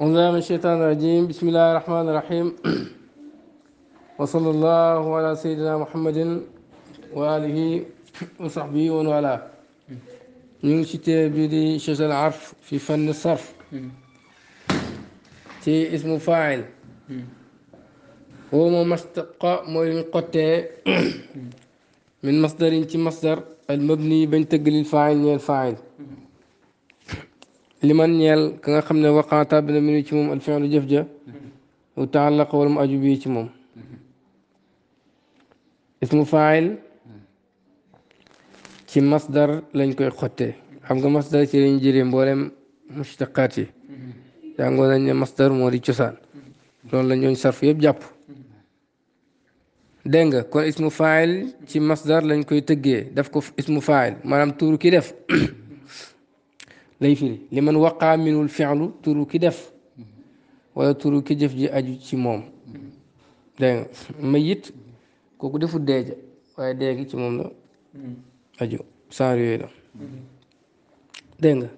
أعوذ الشيطان الرجيم بسم الله الرحمن الرحيم وصلى الله على سيدنا محمد وآله وصحبه والاه نيو سي تي العرف في فن الصرف تي اسم فاعل هو مشتق موي قتي من مصدر انت مصدر المبني بين تقل الفاعل للفاعل لمن يل كنا خمنا وقعتا بن من يتموم الفين على جفجة وتعلق والمأجوب يتموم اسم فاعل كي مصدر لن كي خطي حمق مصدر كي لنجري مبولم مشتقاتي يعني لن مصدر موري چسان لن لن يون صرف يبجاب دنگا كون اسم فاعل كي مصدر لن كي تجي دفكو اسم فاعل مرام تورو كي دف lay firi li man waqaa minul fi'lu turu ki def wala turu ki jëf ji aju ci moom dégg nga mayit kooku defu deeja waaye dee gi ci moom la aju saar yooyu la dégg nga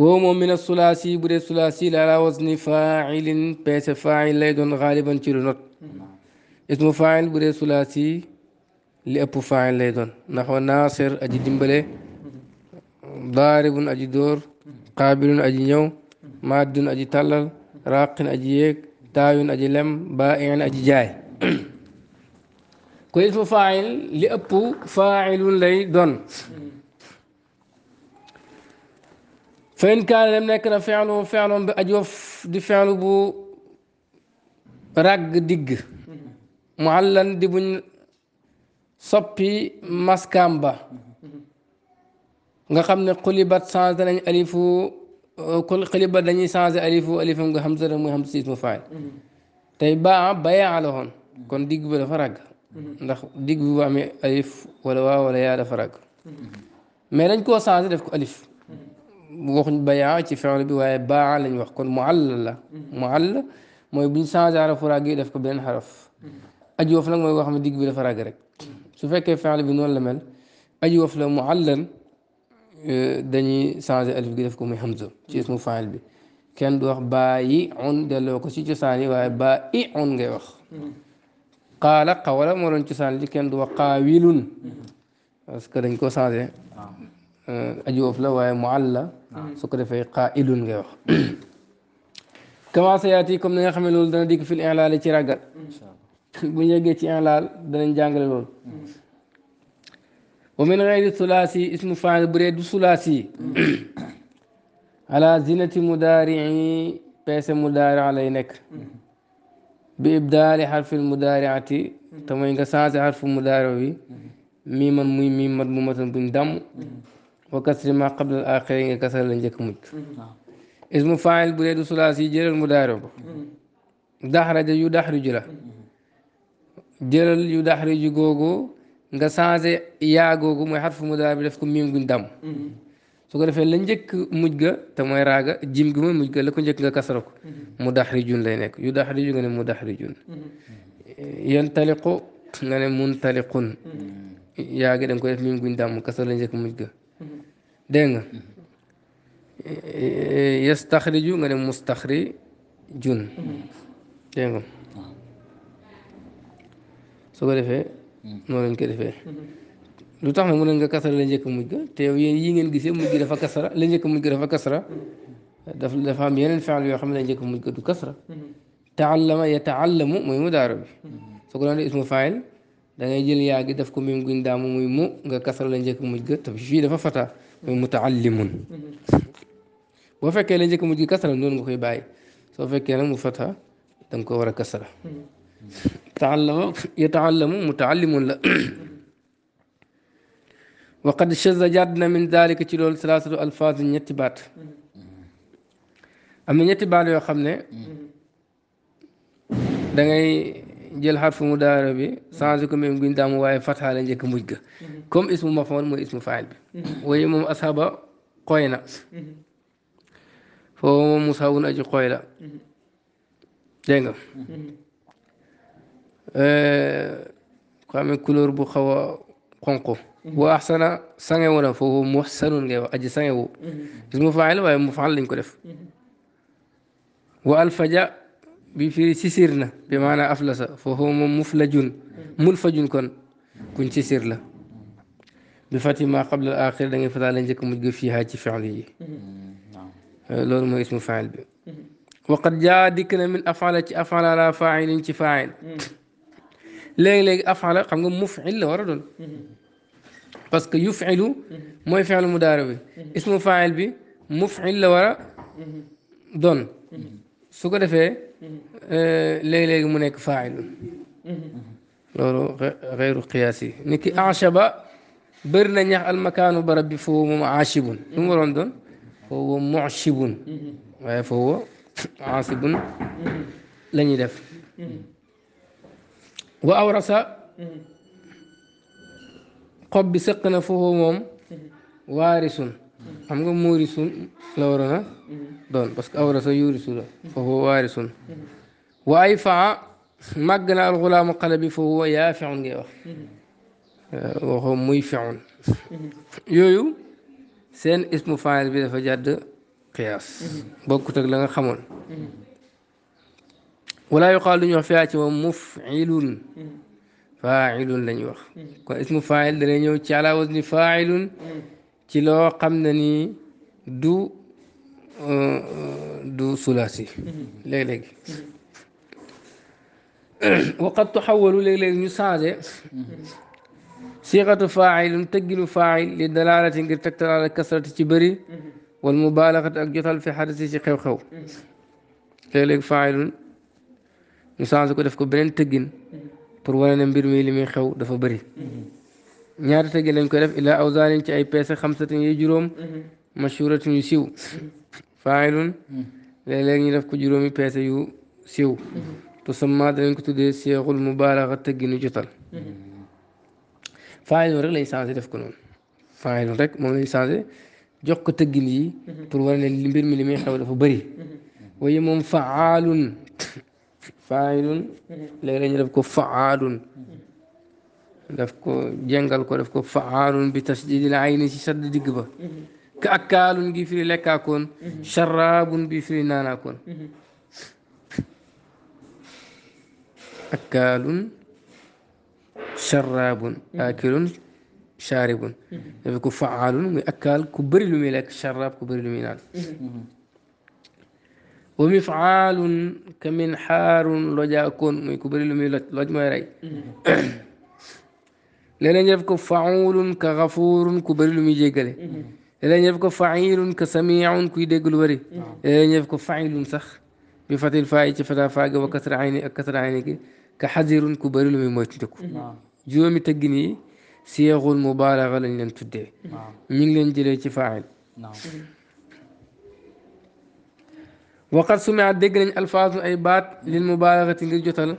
woo moom min sulaasi bu dee sulaasi la ala wasni faa'ilin peese faa'il lay doon xaaliban ci lu not ismu faa'il bu dee sulaasi li ëpp faa'il lay doon ndax wa naasir aji dimbale daaribun aji dóor qaabilun aji ñëw maadun aji tàllal raaqin aji yéeg taawun aji lem baain aji jaay ko il fa faayil li ëpp faayilun lay doon fayn kaane dem nekk na fenlu fenlom bi aj wof di di buñ soppi maskaam ba nga xam ne xulibat changé nañ alifu xulibat euh, dañuy changé alifu alifam nga xam sara muy xam siis mu faay tey baa bayaa la woon kon digg ba dafa ràgg ndax digg bu amee alif wala waa dañ koo changé def ko alif waxuñ bayaa ci fi'l bi waaye baa lañu wax kon mu àll la mu àll mooy buñ changé xarafu ràgg yi def ko beneen xaraf aji wof nag mooy koo xam ne digg bi dafa ragg rek su fekkee fi'l bi noonu la mel aji wof la mu àllan داني سانز الف غير فكم حمزه شي اسمه فاعل بي كان دو وخ باي عن دلو كو شي تساني واي باي عن غي وخ قال قولا مورن تسان لي كان دو قاويل باسكو دنج كو سانز اجو فلا واي معلل سكر في قائل غي وخ كما سياتيكم نيو خمي لول دا ديك في الاعلال تي راغال ان شاء الله بو نيغي تي اعلال دا نجانغل لول ومن غير الثلاثي اسم فاعل بريد ثلاثي على زينة مدارعي بيس مدارع عليك بإبدال حرف المدارعة إنك كساس حرف مدارع بي ميما ميم مضمومة بن دم وكسر ما قبل الآخرين كسر لنجك مج اسم فاعل بريد ثلاثي جر المدارع دحرج يدحرج له جرل يدحرج جوجو nga changé yaa googu mooy xarfu mudaari bi def ko miim guñ dam su ko defee la njëkk mujj ga te mooy raaga jim gi mooy mujj ga la ko njëkk nga kasara ko mu daxrijun lay nekk yu daxriju nga ne mu daxrijun yantaliqu nga ne muntaliqun yaa gi da def miim guñ dam la njëkk mujj ga nga yastaxriju nga ne mustaxrijun dégg nga ko defee noo leen ko defee lu tax nag mu ne nga kasara la njëkk mujj ga te yow yéen yi ngeen gisee mujj gi dafa kasara la njëkk mujj ga dafa kasara daf dafa am yeneen faal yoo xam ne la njëkk mujj ga du kasara taallama yataallamu mooy mu daaro bi su ko doon def ismu faayil da ngay jël yaa gi def ko mim guñ daamu muy mu nga kasara la njëkk mujj ga te fii dafa fata muy mutaallimun boo fekkee la njëkk mujj gi kasara noonu nga koy bàyyi soo fekkee nag mu fata da nga ko war a kasara تعلم يتعلم متعلم لا وقد شذ جادنا من ذلك تي لول ثلاثه الفاظ نيتي بات ام نيتي بات يو خامني دا غاي جيل حرف مدار بي سانز كوم ميم غين دام واي فتحه لا نيك موجغا كوم اسم مفعول مو اسم فاعل بي وي موم اصحاب قوينا فهو مساوون اجي قويلا دنگم ko amee couleur bu xaw a xonq boo axsana sangewu na foofu muxsanun ngay wax aji sangewu gis mu faal waaye mu faal lañ ko def wa alfaja bi firi sisir na bi maanaa aflasa foofu moom muflajun mulfajun kon kuñ sisir la bi fati ma qabla al axir da ngay fataa la njëkk mujj ga fiihaa ci fiil yi loolu mooy ismu faal bi waqad jaa dikk na min afaala ci afaala la faailin ci faail léegi-léegi afala xam nga mufil la war a doon parce que yufilu mooy fi'lu mudaari bi ismu faayil bi mufil la war a doon su ko defee léegi-léegi mu nekk faayilu loolu xeyru qiyaas yi ni ki achaba bëri na ñax almakaanu barab bi foofu moom aachibun lu mu waroon doon foofu muchibun waaye foofu aachibun la ñuy def وأورث قب بسقنا فهوم وارسون هم قم مورسون لورنا دون بس أورث يورسون فهو وارسون وأيفع مجنا الغلام قلبي فهو يافع جيوخ وهو ميفع يويو سين اسم فاعل بيدا فجاد قياس بوكو تغلغا خمون ولا يقال لن يخفي ومفعل فاعل لن يخفي اسم فاعل لن يوتي على وزن فاعل تلو قمنني دو آه، آه، دو سلاسي لي لي وقد تحول لي لي نساجة صيغة فاعل تجل فاعل لدلالة تكتر على كسرة تبري والمبالغة أجثل في حدث شيخ خو خو فاعل ñu changé ko def ko beneen tëggin pour wane ne mbir mi li muy xew dafa bëri ñaata tëggin lañ koy def illaa awsaanin ci ay peese xamsatin yi juróom mashuratin yu siw faayilun léeg-léeg ñu def ko juróomi peese yu siw tusamma danañ ko tuddee seexul mubaalaxa tëgginu jotal faayilun rek lañ changé def ko noonu faayilun rek moom lañ changé jox ko tëggin yi pour wane ne mbir mi li xew dafa bëri waaye moom faalun faayilun léegi ñu def ko faaalun daf ko jàngal ko daf ko faaalun bi tasdidil ayni si sadd digg ba ka akkaalun gi firi lekkaakoon sharaabun bi firi naanaakoon akkaalun sharaabun aakilun shaaribun daf ko faaalun muy akkaal ku bëri lu muy lekk sharaab ku bëri lu muy naan ومفعال كمن حار لجا كون مي كبري لمي لوج ماي راي لين يفكو فاعول كغفور كبري لمي جيغالي لين يفكو فاعيل كسميع كوي ديغلو وري لين يفكو فاعيل صح بفتح الفاء فتا فاغ وكسر عين كسر عين كحذير كبري لمي موتدكو نعم. جومي تگني سيغول مبالغه لن تدي نعم. مين لين جيلي تي فاعل نعم. وقد سمعت دجل الفاظ اي بات للمبالغه غير جوتال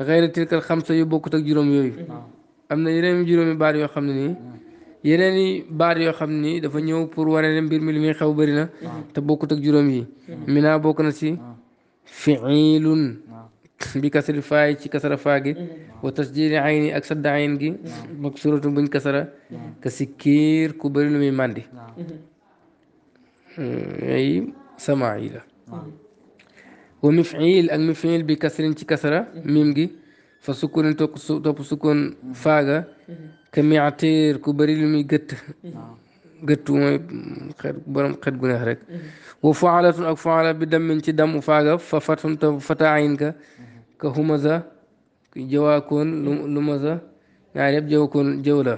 غير تلك الخمسه يو بوكو تك جيروم يوي امنا يرين جيرومي بار يو خامني يرين بار يو خامني دا فا نيو بور وراني مبير ملي مي خاو بارينا تا بوكو تك جيروم يي منا بوكو نسي فعيل بكسر فاي تي كسر فاغي وتسجيل عيني اكسد عين جي مكسوره بن كسر كسكير كبرلو مي ماندي نعم. اي سماعيله wa mifil ak mifil bi kasrin ci kasra mim gi fa sukkurin topp topp sukkoon faaga ka miatir ku bëri lu muy gëtt gëttu mooy xet borom xet gu neex rek wa faalatun ak faala bi dammin ci damu faaga fa fatun ta fata ayin ka ka humaza jawaakoon lumaza ñaar yëpp jëw koon jëw la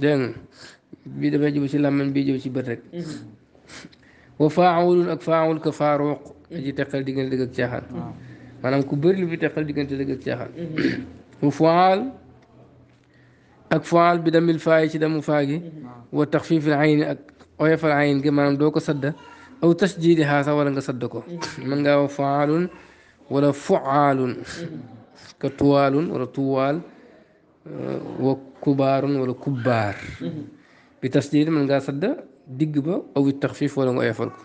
dégg bi dafay jëw ci làmmiñ bi jëw ci bët rek وفاعول اك فاعول كفاروق اجي تقل ديغل ديغ تياخان آه. مانام كو بير لي في تقل ديغنت ديغ تياخان وفعال اك فعال بدم الفاعل سي دم فاغي وتخفيف العين اك اويف العين كي مانام دوكو سد او تسجيدها سوا ولا نسدكو من غا فعال ولا فعال كطوال ولا طوال آه، وكبار ولا كبار بتسجيل من سد دقبة أو التخفيف ولا ما يفرق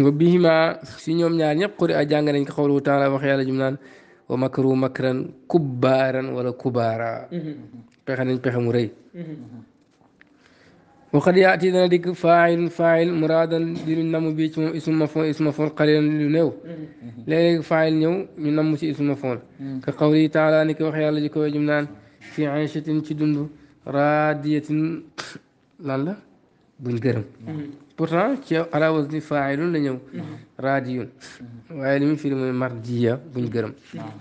وبهما في يوم نال يقرأ أجانا إن كقوله تعالى وخيال جمنان ومكروا مكرا كبارا ولا كبارا بخلين بخموري وقد يأتي ذلك فاعل فاعل مرادا دين النمو بيت اسم مفعول اسم مفعول قليلا لنو لا فاعل نيو من نمو اسم مفعول كقوله تعالى نكو خيال جكو جمنان في عيشة تدن رادية لا لا بالقرم بوران كي على وزن فاعل لا نيو راديون وعالم في المرجية بالقرم نعم.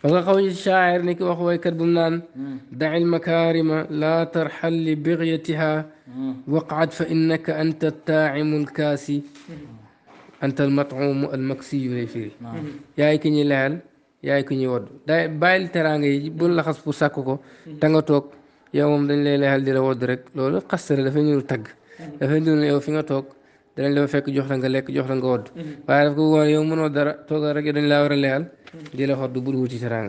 فقا قوي الشاعر نيكي واخو ويكر بمنان دع المكارم لا ترحل لبغيتها وقعد فإنك أنت التاعم الكاسي أنت المطعوم المكسي يريفير نعم. يا كيني لال يا كيني ورد باي الترانجي بول لخص بوساكوكو تنغو يوم دنج لي ليهال دي لا ود رك لول قصر لا فين يور تاغ لا فين دون يو فيغا توك دنج لا فك جوخ لا ليك جوخ لا ود واي داف كو يوم منو دار توغ رك دنج لا ورا ليهال دي لا خد بودو تي تران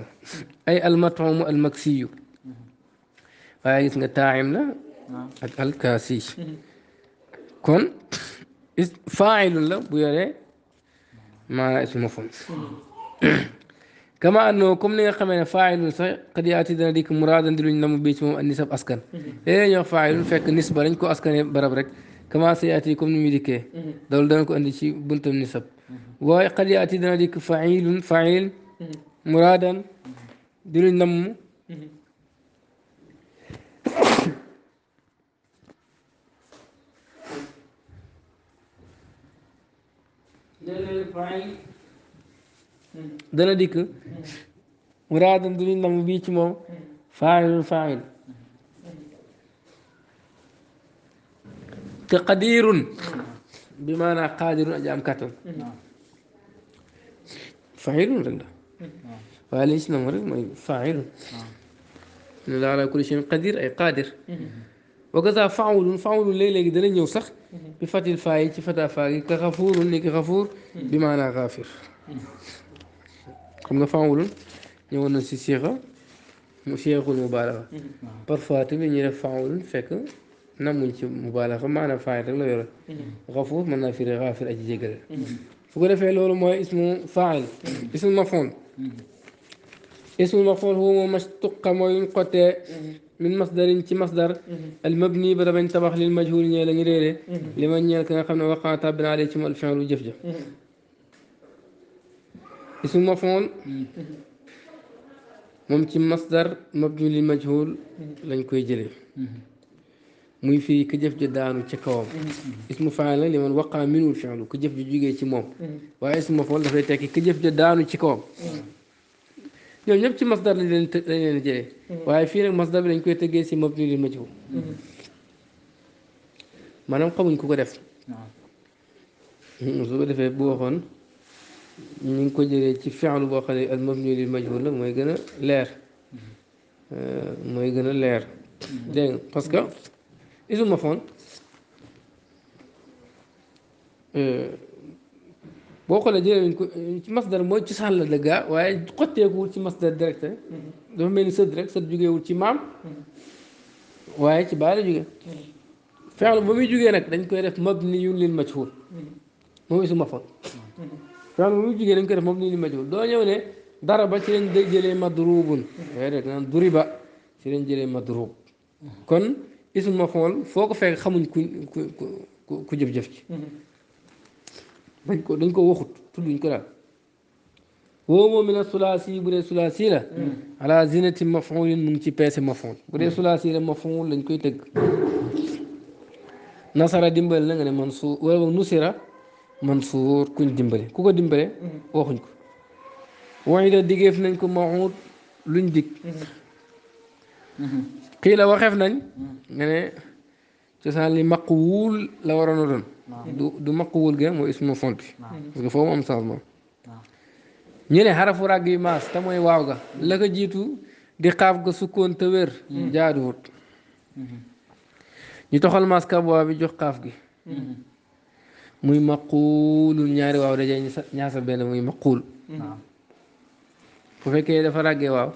اي المطعم المكسي واي غيس نغا تاعم لا اك الكاسي كون فاعل لا بو ما اسمه فونس كما أنه كم نيغا خمينا فاعل قد يأتي دنا ديك مراد اندلو نم بيت موم النسب أسكن إيه نيغ فاعل فك نسبة لنكو أسكن برب رك كما سيأتي كم نمي ديك دول دنكو اندي شي بنت النسب وقد يأتي دنا ديك فاعل فاعل مرادا دلو نمو دلو فاعل dana dikk muraadan du ñu nam bii ci moom faayilun faayil te qadirun bi maanaa qadirun aji am kattan faayilun rek la waaye li ñu si nam rek mooy faayilun ne la ala kulli shay'in qadir ay qadir wa kaza faawulun faawulun léeg-léegi dana ñëw sax bi fatil faayi ci fata faa gi ka xafuurun ni ki xafuur bi maanaa xaafir كما فاولون يونا سي سيغا سيغا المبالغة بار فاتو يونا فاولون فك نمون سي مبالغة ما انا فاير لا يرى غفور من نافير غافر اجي جيجل فقولا فعل هو ما اسمه فاعل اسم المفعول اسم المفعول هو ما اشتق ما ينقطع من مصدر انت مصدر المبني بربن تبخ للمجهول يا لنجريري لمن يلقى خمن وقع تابن عليه الفعل وجفجه اسم مفعول ممكن مصدر مبني للمجهول لنكوي جلي موي في كجف جدانو تي كوم اسم فاعل لمن وقع منه الفعل كجف جيجي تي موم وا اسم مفعول دافاي تيكي كجف جدانو تي كوم ñoom ñëpp ci masdar lañ leen lañ leen jëlee waaye fii nag masdar bi dañ koy tëggee si mabni li majhul maanaam xamuñ ku ko def su ko defee bu waxoon ñu ngi ko jëlee ci fi'lu boo xam ne al mabni lil majhul la mooy gën a leer mooy gën a leer dégg parce que isu mafoon boo xoolee jëlee nañ ko ci masdar mooy ci sànla la gaa waaye xotteekuwul ci masdar direct dafa mel ni sët rek sët jugeewul ci maam waaye ci baala jugee fi'lu ba muy jugee nag dañ koy def mabniyun lil majhul moom isu mafoon naan lu jigéen dañ ko def moom ni ñu majul doo ñëw ne dara ba ci lañ day jëlee madrubun déedéet naan ba ci lañ jëlee madrub kon ismu mafool foo ko fekk xamuñ ku ku ku jëf-jëf ci dañ ko dañ ko waxut tudduñ ko daal woo moom mi na sulaasi bu dee sulaasi la ala zinati mafoolin mu ngi ci peese mafool bu la koy tëgg nasara dimbal na ne man su wala nusira mansuur kuñ dimbale ku ko dimbale mhm. waxuñ ko wañu da digéef nañ ko mawut luñ dig xii mhm. mhm. la waxeef nañ nga ne cosaan li maquwul la waroon a doon du du maquwul ga mooy ismu font bi parce que foo am changement ñu ne xarafu ràgg yi maas waaw ga la jiitu di xaaf ga sukkoon te wér jaaduwut ñu toxal maas ka bi jox xaaf gi muy maquulu ñaari waaw dajee ñaasa benn muy maquul bu fekkee dafa ràggee waaw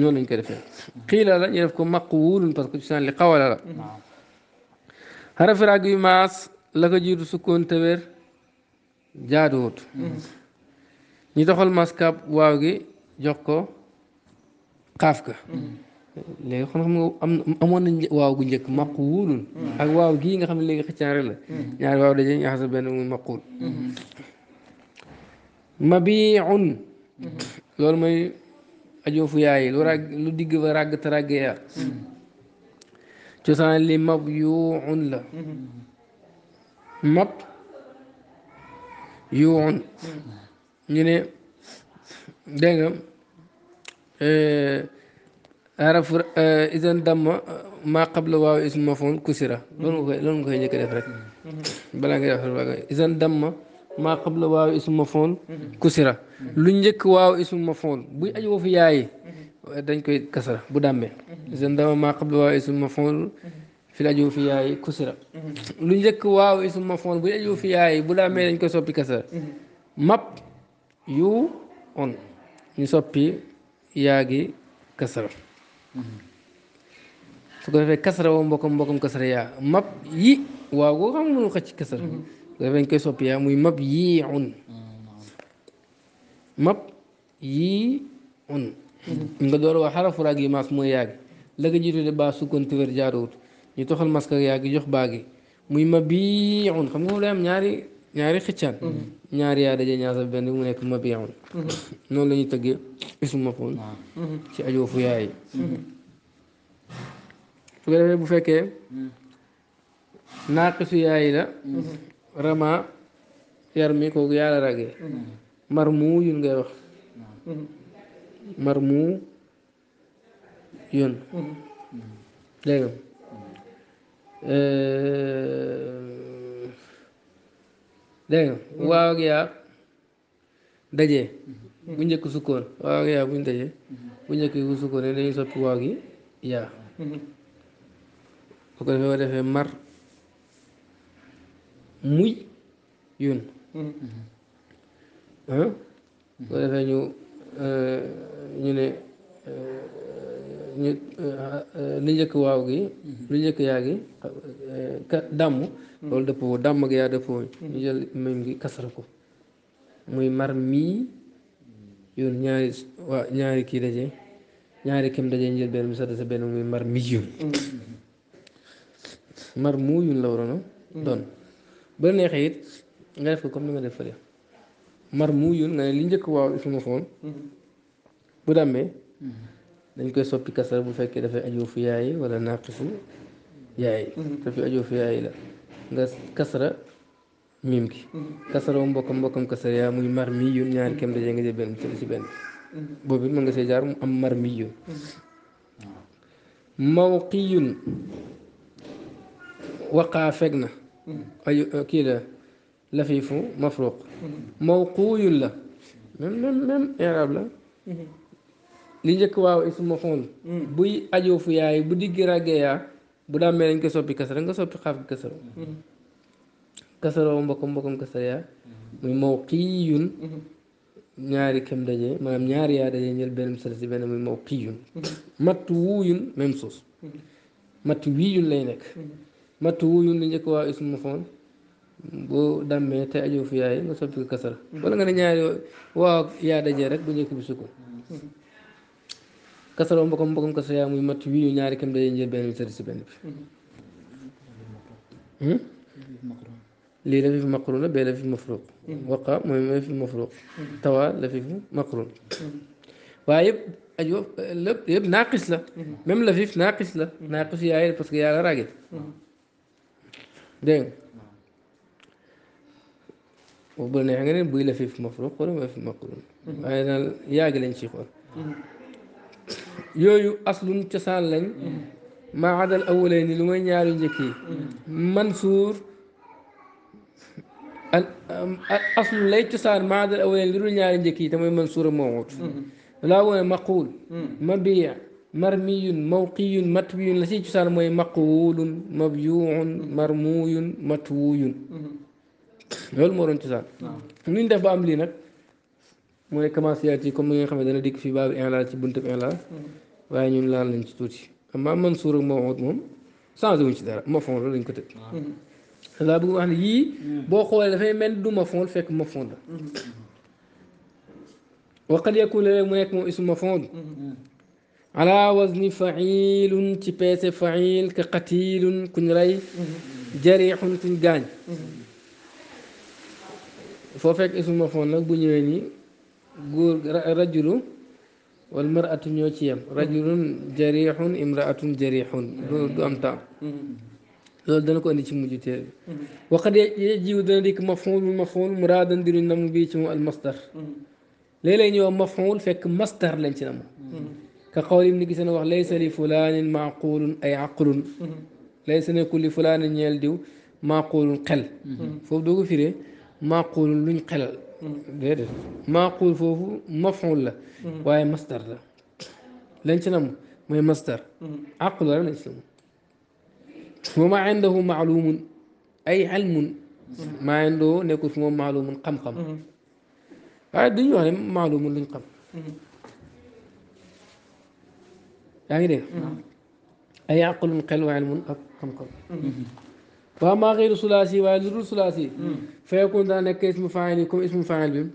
noonu lañ ko defee xiila la ñu def ko maquulun parce que ci saan li xawala la xarafi ràgg maas la ko jiitu sukkoon tëwér jaaduwut mm-hmm. ñi doxal maskab waaw gi jox ko xaaf ka léegi kon xam nga am amoon nañ waaw gu njëkk maquulun mm. ak waaw gii nga xam ne léegi xëccaare la mm. ñaari waaw daje ñu xasa benn muy maquul mm-hmm. mabiun mm-hmm. loolu mooy ajoofu yaayi lu digg ba ràgg te ràgg yaa mm-hmm. cosaan li mabyuun la mab yuun ñu ne dégg nga euh, arafu euh, isan damma euh, maa qabla waaw ismu mafoon kusira nga koy loolu nga koy njëkk lu njëkk waaw ismu mafoon buy aju woo fi yaayi dañ koy kasara bu dàmmee isan damma maa qabla waaw ismu mafoon fi la aju fi yaayi kusira lu njëkk waaw ismu mafoon buy aju fi yaayi bu dàmmee dañ koy soppi kasara map yu on ñu soppi yaagi kasara su ko defee kasara woo mbokkam mbokkam kasara yaa mab yi waaw goo xam mënu xëcc kasara mm-hmm. su ko defee ñu koy soppi yaa muy mab yii un mm-hmm. mab yii un mm-hmm. nga door wax xarafu yi maas mooy yaagi la nga jiitu de baa sukkoon tiwér jaaruwut ñu toxal maska yaagi jox baagi muy mab yii un xam nga moom lay am ñaari ñaari xëccaan mhm. ñaari yaa daje ñaasa benn mu nekk mabiyaam mhm. noonu la tëggee ismu mafoon mhm. ci ajoofu yaay su ko defee bu fekkee naaqisu yaay la rama yar mi kooku yaa ràggee mar mu yun ngay wax mar mu yun dégg dégg nga mm-hmm. waaw ak yaa dajee mm-hmm. bu njëkk sukkoon waaw ak yaa bu ñu dajee mm-hmm. bu njëkk bu sukkoon ne dañuy soppi waaw gi yaa bu ko defee defee mar muy yun ah? bu ko defee ñu eh, ñu ne eh, ñu euh, euh, li njëkk waaw gi mhm. li njëkk yaa gi euh, ka dàmm mhm. loolu dëppoo dàmm ak yaa dëppoo ñu mhm. jël mim gi kasara ko muy mar mii yoon ñaari waa ñaari kii daje ñaari kim daje ñu jël benn mu sadda sa benn muy mar miyun mar muuyun la waroon doon ba neexee it nga def ko comme ni nga def fële mar muuyun nga ne li njëkk waaw fi ma foon bu dàmmee dañ koy soppi kasra bu fekkee dafay aju fi yaayi wala naaqisu yaayi te fi aju fi yaayi la nga kasra miim gi kasra wu mbokkam mbokkam kasra yaa muy mar mi yun ñaari kem dajee nga jël benn ci si benn boobu mën nga see jaar mu am mar mi yun mawqiyun waqaa feg na aju kii la lafiifu mafruq mawquuyun la même même même irab la li njëkk waaw ismu maf'ul hmm. buy ajoo yaay bu digg ràggee yaa bu daa mel nañ soppi kasara nga soppi xaaf gi kasaro hmm. kasaroo mbokkam mbokkam kasara yaa hmm. muy mawqiyun ñaari kem lay nekk matt wuuyun kasara wala nga ne ñaari waaw yaa dajee rek bu njëkk bi sukkoon kasaroo mbokom mbokom kaso yaa muy mat wii ñaari kam day njël benn bi sëri si benn bi lii lafiifu maqrun la bee lafiifu mafruq waqa mooy lafiifu mafruq tawa lafiifu maqrun waaye yëpp aju lépp yëpp naaqis la même lafiif naaqis la naaqis yaay parce que yaa la raagit dégg nga bu neexee nga ne buy lafiif mafruq wala lafiif maqrun waaye daal yaagi lañ ci xool yooyu aslun cosaan lañ maa adal awulee ni lu may ñaari njëkk yi mansuur al aslu lay cosaan maa adal awulee ni lu dul ñaari njëkk yi te mooy mansuur ak mawut laa woone maquul mabiya marmiyun mawqiyun matwiyun la siy cosaan mooy maquulun mabyuun marmuyun matwuyun loolu moo doon cosaan nuñ def ba am lii nag mu ne commencé ci comme nga xam dana dikk fi baabu inla ci buntu inla waaye ñun laal lañ ci tuuti amma mansuur ak mawuud moom changé wuñ ci dara mafoon la lañ ko tëj. laa bëgg wax ne yii boo xoolee dafay mel du mafoon fekk mafoon la. waqad yakun léeg-léeg mu nekk moom ismu mafoon. ala wazni failun ci peese fail ka qatilun kuñ rey. jarixun kuñ gaañ. foo fekk ismu mafoon nag bu ñëwee nii. غور رجل والمرأة نيوتيام رجل جريح امرأة جريح دو امتا لول دانكو اندي سي موجي تي وقد يجيو دان ديك مفعول مفعول مرادا دير نام بي سي المصدر لي لا مفهوم مفعول فك مصدر مفهوم نام كقول ابن كيسن واخ ليس لفلان معقول اي عقل ليس لكل فلان نيل ديو معقول خل فوب دوغو فيري معقول لون خلال déedéet maaquul foofu maful la waaye masdar la lañ ci nam mooy masdar aqul la lañ ci nam wa ma indahu maalumun ay ilmun maa indoo nekkul fi moom maalumun xam-xam waaye duñu wax ne maalumun luñ xam yaa ngi dégg ay aqulun xel wa ilmun ak xam-xam فما غير ثلاثي ولا زر ثلاثي فيكون ذلك اسم فاعل يكون اسم فاعل بهم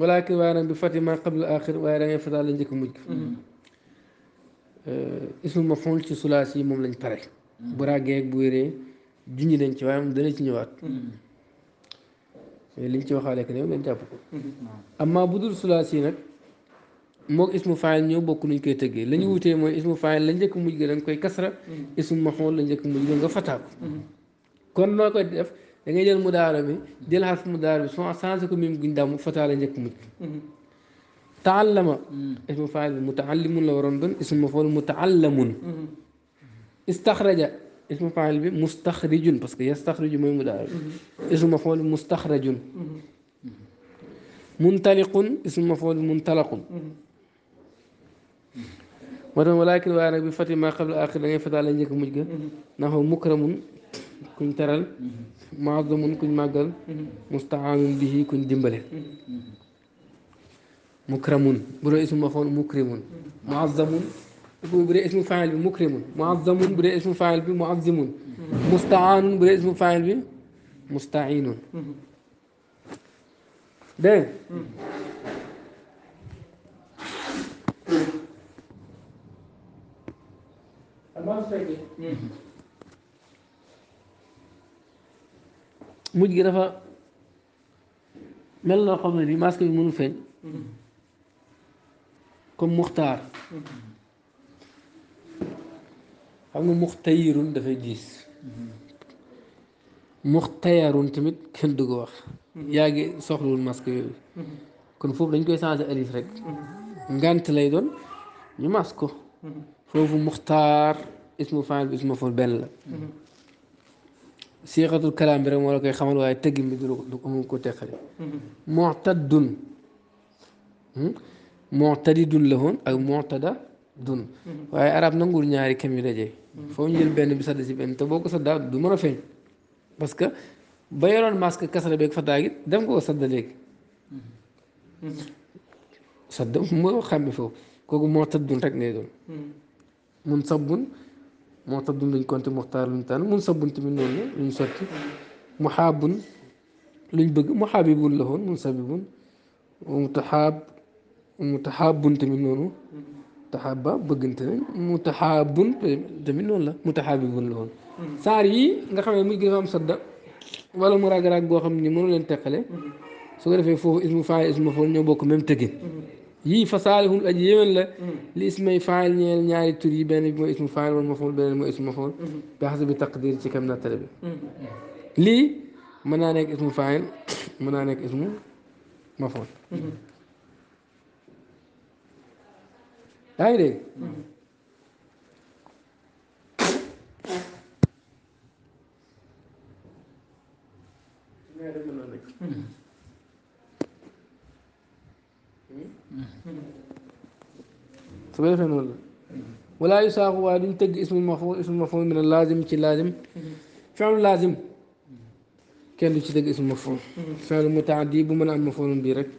ولكن وارا بفتح ما قبل الاخر وارا يفضى لديكم مجد آه، اسم مفعول في ثلاثي مم لن تري برا جيك بويري جني لن تشوام دني تشوات لن تشوخ عليك نيو لن تشوخ اما بدر ثلاثي نك موك اسم فاعل نيو بوك نيو كي تجي لن يوتي مو اسم فاعل لن تكون مجد لن كوي كسرة اسم مفعول لن تكون مجد لن تفتح kon noo koy def da ngay jël mudaara bi jël xarf mudaara bi soo changé ko mim guñ daam fataala njëkk mujj taallama ismu faayil bi mutaallimun la waroon doon ismu mafool mutaallamun istaxraja ismu faayil bi mustaxrijun parce que yastaxriju mooy mudaara bi ismu mafool bi mustaxrajun muntaliqun ismu mafool bi muntalaqun moo tax walakin waaye nag bi fati qabla axir da ngay fataala njëkk mujj ga naxu mukramun kuñ teral maazumun kuñ màggal mustaaanun bihi kuñ dimbale mukramun bu dee ismu mafoon mukrimun muazzamun bu dee ismu faayil bi mukrimun muazzamun bu dee ismu faayil bi muazzimun mustaaanun bu dee ismu faayil bi mustaainun dégg nga mujj gi dafa mel noo xam ne ni masque bi mënul feeñ comme muxtaar xam nga muxtayirun dafay diis muxtayarun tamit kenn du ko wax yaa ngi soxlawul masque yooyu kon foofu dañ koy changé alif rek ngant lay doon ñu masque ko foofu muxtaar ismu faal bi ismu ful benn la صيغه الكلام بريم ولا كي خمر ولا تجي مدرو دكمون كوتي خلي معتد معتد لهون او معتد دون واي عرب نغور نياري كم يدجي فو نجيل بن بي سد سي بن تو بوكو سد دو مرا فين باسكو با يورون ماسك كسر بك فتاغي دم كو سد ليك سد مو خامي فو كوكو معتد دون رك ني دون معتض luñ compté muxtaar luñ tànn munsabun tamit noonu la luñ sotti muxaabun luñ bëgg muxaabibun la woon munsabibun mutaxaab mutaxaabun tamit noonu taxaaba bëggante nañ mutaxaabun tamit noonu la mutaxaabibun la woon saar yi nga xam ne muy gën a am sadda wala mu raag raag goo xam ne mënu leen teqale su ko defee foofu ismu faa ismu fool ñoo bokk même tëggin yii fasaalihun aj yéwén la li ismay faal ñeel ñaari tur yi benn bi mooy ismu faal wal mafuul beneen mooy ismu mafuul bi xas bi taqdir ci kam nattale bi lii mën naa nekk ismu faal mën naa nekk ismu mafuul yaa ngi dégg mais سبيل فين ولا ولا يساق وادين تج اسم المفهوم اسم المفهوم من اللازم كي لازم فعل لازم كان لو تج اسم المفعول فعل متعدي بمن المفهوم بيرك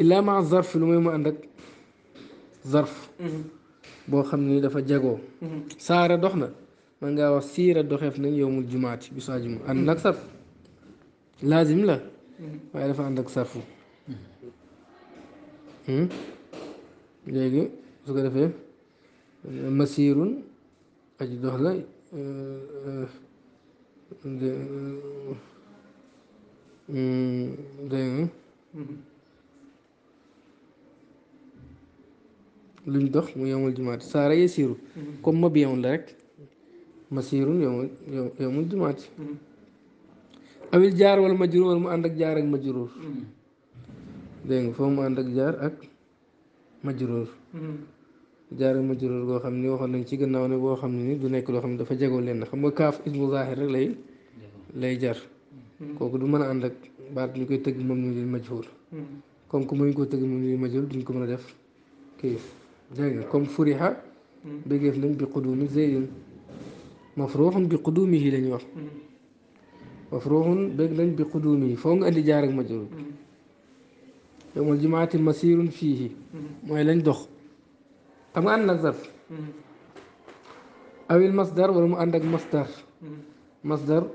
الا مع الظرف لو ما عندك ظرف boo xam ni dafa jagoo saara dox na man ngaa wax siira doxeef nañ yowmul jumaati bisu àjjuma ànd nag sarf laazim Hmm? léegi su ko defee euh, masirun aj dox la euh, euh, hmm, dégg mm-hmm. luñ dox mu yowmul jumaati saara yasiru mm-hmm. comme ma bi la rek masirun yowmul yowmul jumaati mm-hmm. awil jaar ma majruur wala mu ànd ak jaar ak majruur dégg nga foo mu ànd ak jaar ak majruur hmm. jaar ak majruur goo xam ni waxoon nañ ci gannaaw ne boo xam ne ni du nekk loo xam ne dafa jagoo leen xam nga kaaf ismu zaahir rek lay jar hmm. kooku du mën a ànd ak baat ñu koy tëgg moom ñu majruur hmm. comme que mënuñ koo tëgg moom ñu majruur duñ ko mën a def kii dégg nga comme furiha bëggeef nañ bi ma zeydin mafruuxun bi qudumihi lañ wax mafruuxun bëgg nañ bi qudumihi foo nga indi jaar ak majruur يوم الجمعة مسير فيه ويلن دخ تم أن نظر أو المصدر ولم عندك مصدر مصدر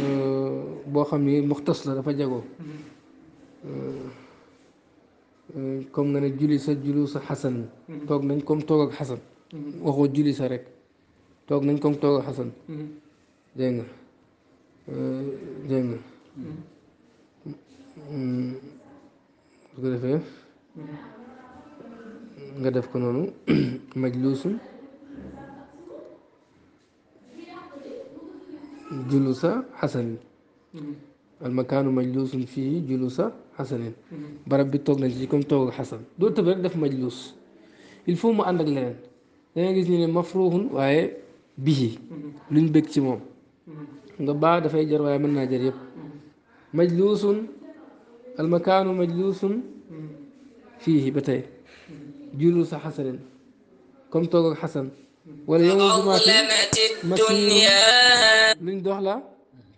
آه، بوخمي مختص لدفع جاكو آه، آه، كم نانا جلسة جلوس حسن توق نان كم توقك حسن وخو جلسة رك توق نان كم توقك حسن دينا دينا كده فين غدف حسن المكان مجلوس فيه جلوسا حسن بربي توغ نجيكم توغ حسن دو تبرك دف مجلوس الفوم عندك لين لين غيس ني مفروح واي به لين بك سي موم دو با دا فاي جار واي من نجار يب مجلوس المكان مجلوس فيه بتاي جلوس حسن كم تقول حسن واليوم جمعة الدنيا من دخلة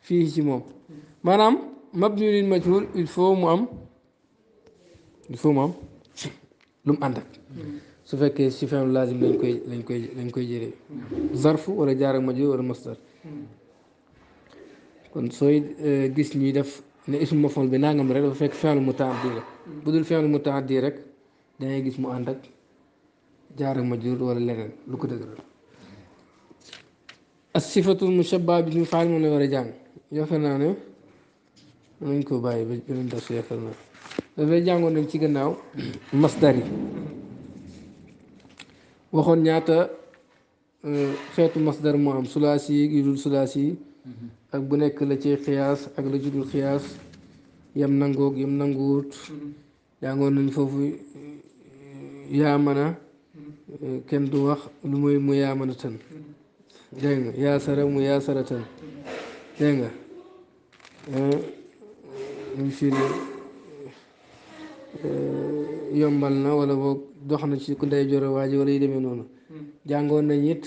فيه جموم ما نعم مبني للمجهول الفوم أم الفوم أم لم عندك سوفك سيفهم لازم لنكوي لنكوي لنكوي جري ظرف ولا جار مجهول ولا مصدر كنت سويد آه، قسني دف ne ismu maf'ul bi nangam rek dafa fekk fi'lu muta'addi la bu dul fi'lu muta'addi rek dangay gis mu ànd ak jaar ak majruur wala leneen lu ko dëgëral as sifatul mushabbah bi ñu faal moom la war a jàng yaakaar naa ne nañ ko bàyyi ba beneen daf yaakaar naa dafay jàngoon nañ ci gannaaw masdar yi waxoon ñaata euh, xeetu masdar moo am sulaasi yi yu dul sulaasi yi mm-hmm. ak bu nekk la ci xiyaas ak la ci dul xiyaas yam nangoog yam nanguwut mm-hmm. jàngoon nañ foofu eh, yaa a mm-hmm. eh, kenn du wax lu muy mu yaa mën a tan mm-hmm. dégg nga yaasara mu yaasara tan dégg nga eh, ñu yombal na wala boog dox na ci ku ndey joro waaji wala yi demee noonu jàngoon nañ it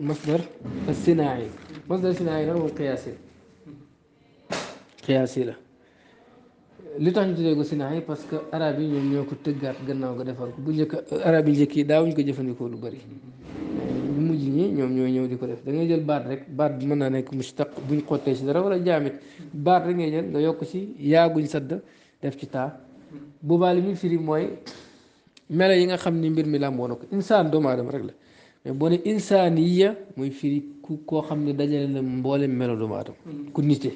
masdar as-sinaa masdar sinaa yi nag moom qiyaas yi qiyaas yi la li tax ñu tuddee ko sinaa parce que arab yi ñoom ñoo ko tëggaat gannaaw nga defar ko bu njëkk arab yi njëkk yi daawuñ ko jëfandikoo lu bari ñu mujj ñi ñoom ñoo ñëw di ko def da ngay jël baat rek baat bi mën naa nekk mustaq buñ xottee si dara wala jaamit baat rek ngay jël nga yokk si yaaguñ sadd def ci taa boobaa li muy mooy melo yi nga xam ni mbir mi làmboo na ko insaan doomu aadama rek la mais boo ne insaaniya mooy firi koo xam ne dajale na mboolem melo doomu aadama mm-hmm. ku nite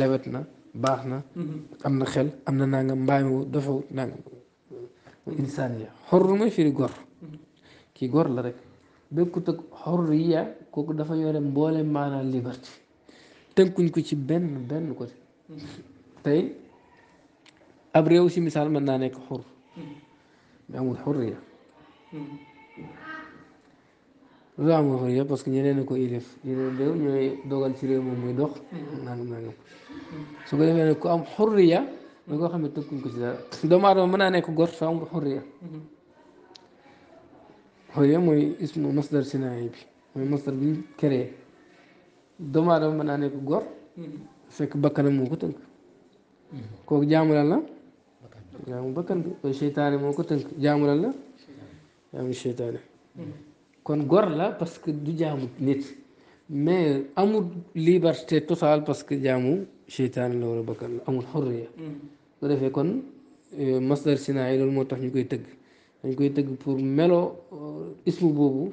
lewet na baax na mm-hmm. am na xel am na nangam mbaamiwu dafa nangam insaaniya xorr mooy firi gor mm-hmm. kii gor la rek bépp tëg xorriya kooku dafa yore mboolem maanaam liberté kuñ ko ci benn benn côté tey ab réew si misaal mën naa nekk xur mais amul xorriya lu tax amul parce que ñeneen ko ilif ñeneen ci réew moom muy dox su ko defee nag ku am koo xam ne tëkkuñ ko ci dara doomu aadama mën naa gor soo amul xurriya xurriya mooy ismu masdar sinaayi bi mooy masdar bi ñu doomu aadama mën naa nekk gor fekk bakkanam moo ko tënk kooku jaamu lan la jaamu bakkan bi koy seytaane moo ko tënk jaamu lan la kon gor la parce que du jaamu nit mais amul liberté totale parce que jaamu seytaan la wala bakkan la amul xorriya hmm. su defee kon euh, masdar sinaa yi loolu moo tax ñu koy tëgg dañ koy tëgg pour melo euh, ismu boobu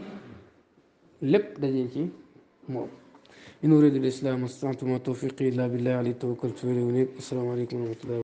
lépp daje ci moom in uridu l islam astatuma tawfiqi illa billah alayhi tawakkaltu wa ilayhi unib